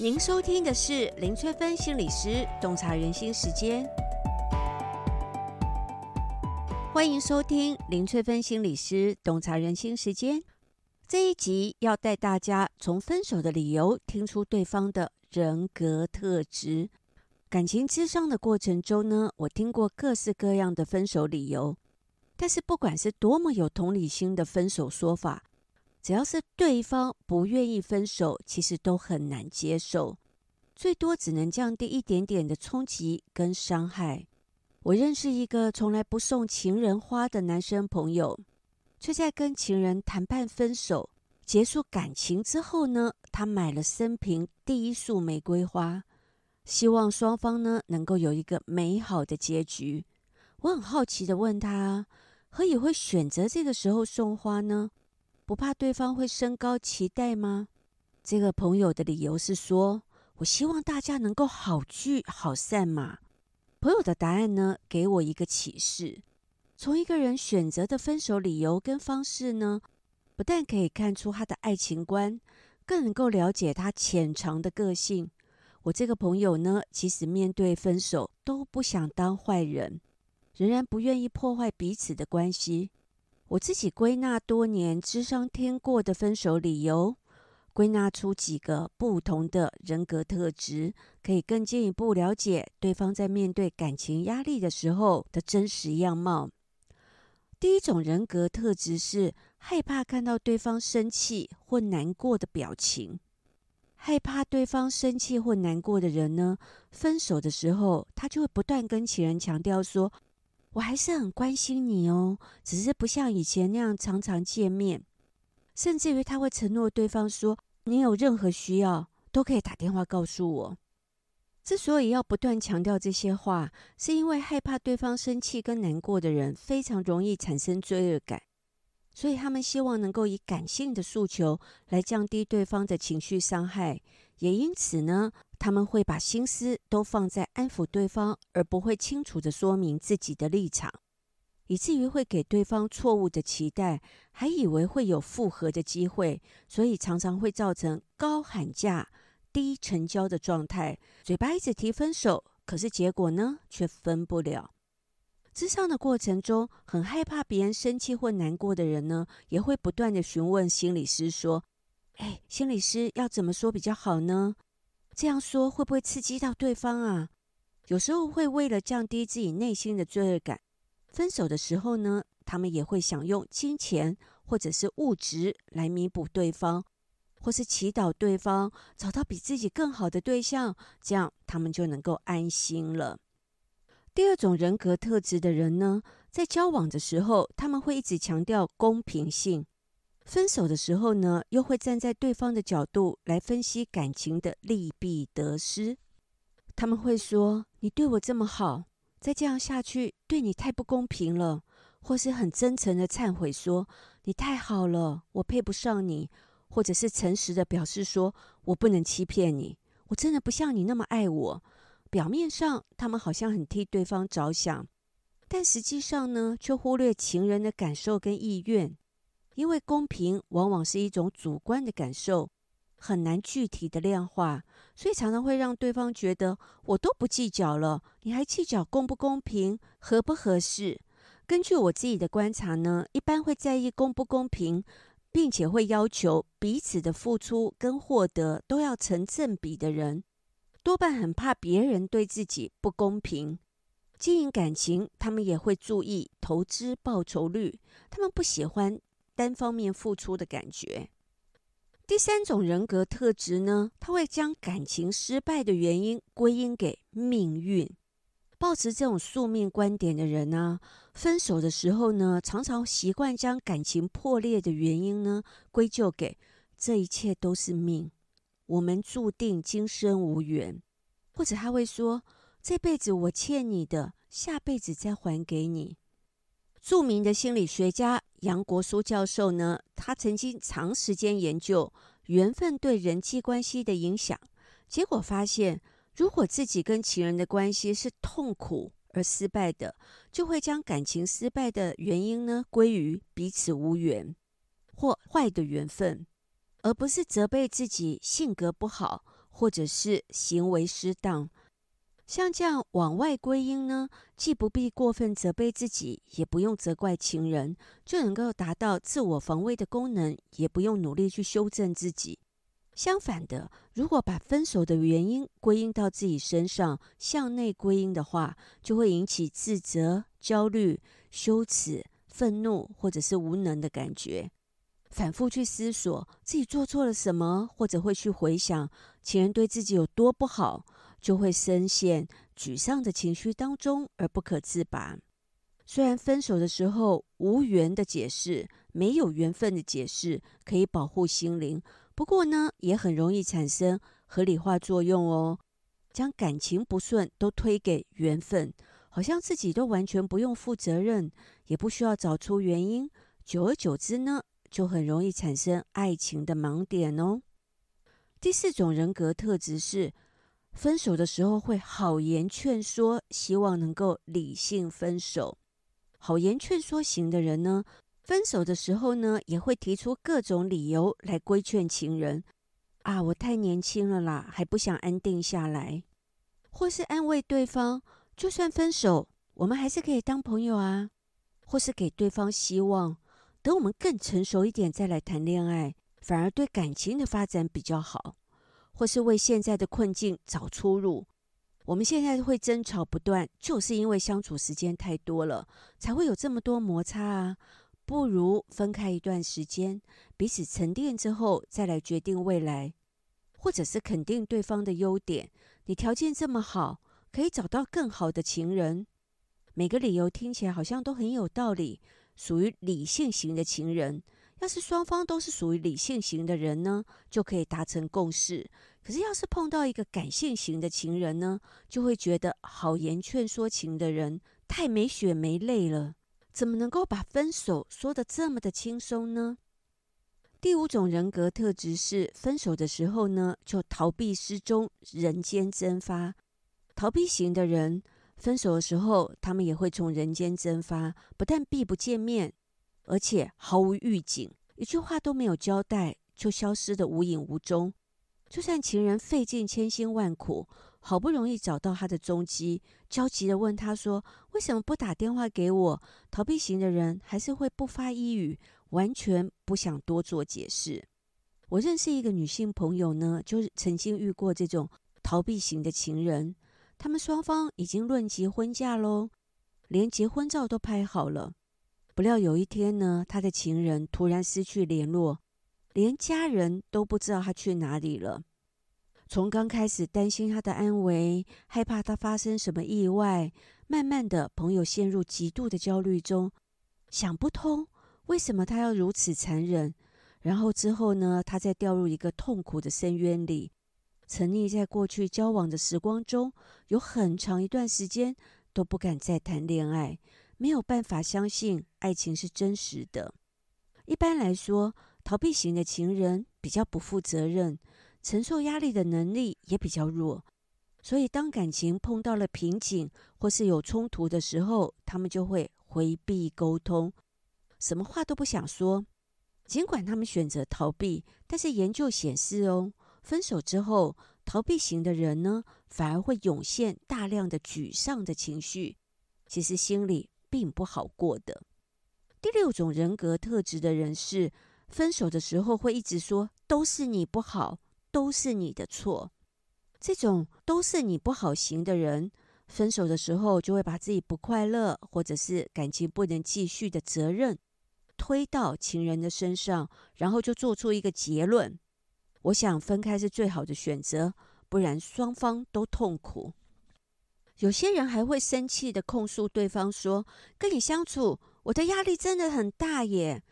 您收聽的是林翠芬心理師洞察人心時間，歡迎收聽林翠芬心理師洞察人心時間。這一集要帶大家從分手的理由聽出對方的人格特質。感情諮商的過程中呢，我聽過各式各樣的分手理由，但是不管是多麼有同理心的分手說法。只要是對方不願意分手，其實都很難接受，最多只能降低一點點的衝擊跟傷害。我認識一個從來不送情人花的男生朋友，卻在跟情人談判分手結束感情之後呢，他買了生平第一束玫瑰花，希望雙方呢能夠有一個美好的結局。我很好奇的問他，何以會選擇這個時候送花呢？不怕對方會升高期待嗎？這個朋友的理由是說：“我希望大家能夠好聚好散嘛。”朋友的答案呢，給我一個啟示：從一個人選擇的分手理由跟方式呢，不但可以看出他的愛情觀，更能夠了解他潛藏的個性。我這個朋友呢，其實面對分手都不想當壞人，仍然不願意破壞彼此的關係。我自己歸納多年諮商聽過的分手理由，歸納出幾個不同的人格特質，可以更進一步了解對方在面對感情壓力的時候的真實樣貌。第一種人格特質是害怕看到對方生氣或難過的表情，害怕對方生氣或難過的人呢，分手的時候他就會不斷跟情人強調說。我還是很關心你哦，只是不像以前那樣常常見面，甚至於他會承諾對方說，你有任何需要都可以打電話告訴我。之所以要不斷強調這些話，是因為害怕對方生氣跟難過的人非常容易產生罪惡感，所以他們希望能夠以感性的訴求來降低對方的情緒傷害，也因此呢。他們會把心思都放在安撫對方，而不會清楚的說明自己的立場，以至於會給對方錯誤的期待，還以為會有復合的機會，所以常常會造成高喊價、低成交的狀態。嘴巴一直提分手，可是結果呢，卻分不了。諮商的過程中，很害怕別人生氣或難過的人呢，也會不斷的詢問心理師說：“哎，心理師要怎麼說比較好呢？”這樣說會不會刺激到對方啊？有時候會為了降低自己內心的罪惡感，分手的時候呢，他們也會想用金錢或者是物質來彌補對方，或是祈禱對方找到比自己更好的對象，這樣他們就能夠安心了。第二種人格特質的人呢，在交往的時候，他們會一直強調公平性。分手的時候呢，又會站在對方的角度來分析感情的利弊得失。他們會說：“你對我這麼好，再這樣下去對你太不公平了。”或是很真誠的懺悔說：“你太好了，我配不上你。”或者是誠實的表示說：“我不能欺騙你，我真的不像你那麼愛我。”表面上他們好像很替對方着想，但實際上呢，卻忽略情人的感受跟意願。因為公平往往是一種主觀的感受，很難具體的量化，所以常常會讓對方覺得我都不計較了，你還計較公不公平、合不合適？根據我自己的觀察呢，一般會在意公不公平，並且會要求彼此的付出跟獲得都要成正比的人，多半很怕別人對自己不公平。經營感情，他們也會注意投資報酬率，他們不喜歡。單方面付出的感覺。第三種人格特質呢，他會將感情失敗的原因歸因給命運。抱持這種宿命觀點的人呢、啊，分手的時候呢，常常習慣將感情破裂的原因呢歸咎給這一切都是命，我們注定今生無緣。或者他會說，這輩子我欠你的，下輩子再還給你。著名的心理學家楊國樞教授呢，他曾經長時間研究緣分對人際關係的影響，結果發現，如果自己跟情人的關係是痛苦而失敗的，就會將感情失敗的原因呢歸於彼此無緣或壞的緣分，而不是責備自己性格不好或者是行為失當。像這樣往外歸因呢，既不必過分責備自己，也不用責怪情人，就能夠達到自我防衛的功能，也不用努力去修正自己。相反的，如果把分手的原因歸因到自己身上，向內歸因的話，就會引起自責、焦慮、羞恥、憤怒或者是無能的感覺，反覆去思索自己做錯了什麼，或者會去回想情人對自己有多不好。就會深陷沮喪的情緒當中而不可自拔。雖然分手的時候無緣的解釋、沒有緣分的解釋可以保護心靈，不過呢，也很容易產生合理化作用哦，將感情不順都推給緣分，好像自己都完全不用負責任，也不需要找出原因。久而久之呢，就很容易產生愛情的盲點哦。第四種人格特質是，分手的時候會好言勸說，希望能夠理性分手。好言勸說型的人呢，分手的時候呢，也會提出各種理由來規勸情人。啊，我太年輕了啦，還不想安定下來。或是安慰對方，就算分手，我們還是可以當朋友啊，或是給對方希望，等我們更成熟一點再來談戀愛，反而對感情的發展比較好。或是為現在的困境找出路。我們現在會爭吵不斷，就是因為相處時間太多了，才會有這麼多摩擦啊。不如分開一段時間，彼此沉澱之後，再來決定未來。或者是肯定對方的優點，你條件這麼好，可以找到更好的情人。每個理由聽起來好像都很有道理，屬於理性型的情人。要是雙方都是屬於理性型的人呢，就可以達成共識。可是要是碰到一個感性型的情人呢，就會覺得好言勸說情的人太沒血沒淚了，怎麼能夠把分手說得這麼的輕鬆呢？第五種人格特質是分手的時候呢，就逃避失蹤，人間蒸發。逃避型的人分手的時候，他們也會從人間蒸發，不但避不見面，而且毫無預警，一句話都沒有交代，就消失得無影無蹤。就算情人費盡千辛萬苦，好不容易找到他的蹤跡，焦急地問他說：“為什麼不打電話給我？”逃避型的人還是會不發一語，完全不想多做解釋。我認識一個女性朋友呢，就是曾經遇過這種逃避型的情人。他們雙方已經論及婚嫁咯，連結婚照都拍好了。不料有一天呢，他的情人突然失去聯絡，連家人都不知道他去哪裡了。從剛開始擔心他的安危，害怕他發生什麼意外，慢慢的朋友陷入極度的焦慮中，想不通為什麼他要如此殘忍。然後之後呢，他再掉入一個痛苦的深淵裡，沉溺在過去交往的時光中，有很長一段時間都不敢再談戀愛。沒有辦法相信愛情是真實的。一般來說，逃避型的情人比較不負責任，承受壓力的能力也比較弱。所以，當感情碰到了瓶頸或是有衝突的時候，他們就會回避溝通，什麼話都不想說。儘管他們選擇逃避，但是研究顯示哦，分手之後，逃避型的人呢，反而會湧現大量的沮喪的情緒。其實心裡。並不好過的。第六種人格特質的人是，分手的時候會一直說，都是你不好，都是你的錯。這種都是你不好型的人，分手的時候就會把自己不快樂或者是感情不能繼續的責任推到情人的身上，然後就做出一個結論。我想分開是最好的選擇，不然雙方都痛苦。有些人還會生氣的控訴對方說：“跟你相處，我的壓力真的很大耶。”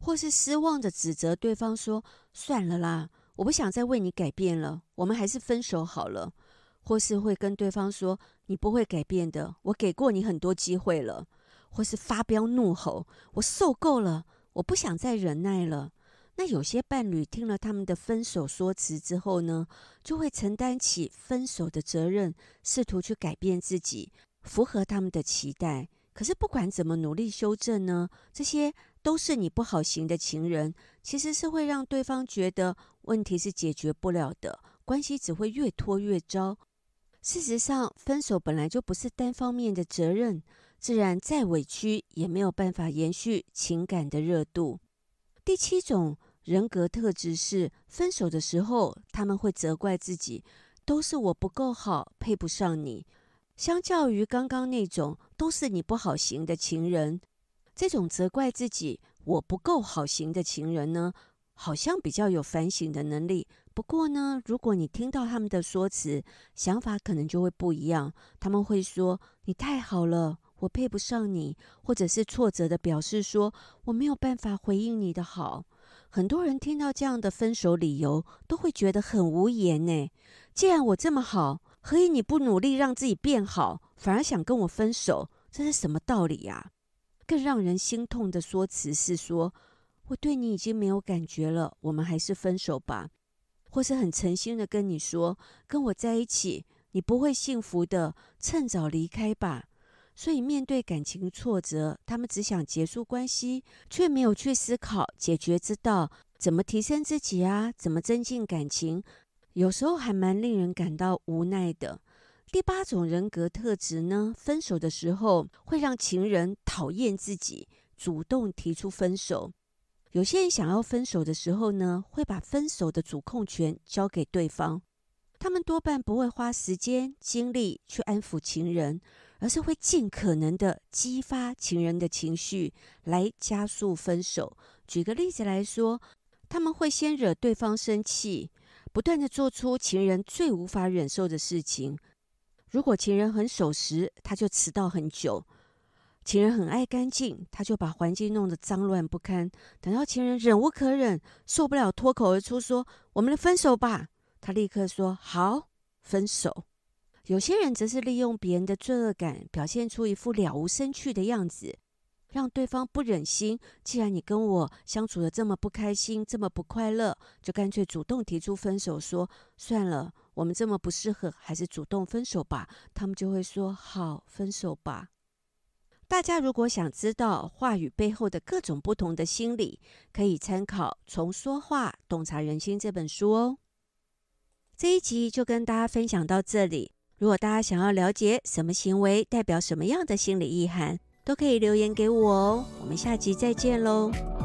或是失望的指責對方說：“算了啦，我不想再為你改變了，我們還是分手好了。”或是會跟對方說：“你不會改變的，我給過你很多機會了。”或是發飆怒吼：“我受夠了，我不想再忍耐了。”那有些伴侶聽了他們的分手說辭之後呢，就會承擔起分手的責任，試圖去改變自己，符合他們的期待。可是不管怎麼努力修正呢，這些都是你不好型的情人，其實是會讓對方覺得問題是解決不了的，關係只會越拖越糟。事實上，分手本來就不是單方面的責任，自然再委屈也沒有辦法延續情感的熱度。第七種。人格特質是分手的時候，他們會責怪自己，都是我不夠好，配不上你。相較於剛剛那種都是你不好型的情人，這種責怪自己我不夠好型的情人呢，好像比較有反省的能力。不過呢，如果你聽到他們的說辭，想法可能就會不一樣。他們會說你太好了，我配不上你，或者是挫折的表示說我沒有辦法回應你的好。很多人聽到這樣的分手理由，都會覺得很無言呢。既然我這麼好，何以你不努力讓自己變好，反而想跟我分手？這是什麼道理呀？更讓人心痛的說辭是說：“我對你已經沒有感覺了，我們還是分手吧。”或是很誠心的跟你說：“跟我在一起，你不會幸福的，趁早離開吧。”所以，面對感情挫折，他們只想結束關係，卻沒有去思考解決之道，怎麼提升自己啊？怎麼增進感情？有時候還蠻令人感到無奈的。第八種人格特質呢？分手的時候會讓情人討厭自己，主動提出分手。有些人想要分手的時候呢，會把分手的主控權交給對方，他們多半不會花時間精力去安撫情人。而是會盡可能的激發情人的情緒來加速分手。舉個例子來說，他們會先惹對方生氣，不斷的做出情人最無法忍受的事情。如果情人很守時，他就遲到很久；情人很愛乾淨，他就把環境弄得髒亂不堪。等到情人忍無可忍，受不了，脫口而出說：“我們分手吧。”他立刻說：“好，分手。”有些人則是利用別人的罪惡感，表現出一副了無生趣的樣子，讓對方不忍心。既然你跟我相處的這麼不開心，這麼不快樂，就乾脆主動提出分手說，說算了，我們這麼不適合，還是主動分手吧。他們就會說好，分手吧。大家如果想知道話語背後的各種不同的心理，可以參考《從說話洞察人心》這本書哦。這一集就跟大家分享到這裡。如果大家想要了解什麼行為代表什麼樣的心理意涵，都可以留言給我哦。我們下集再見嘍！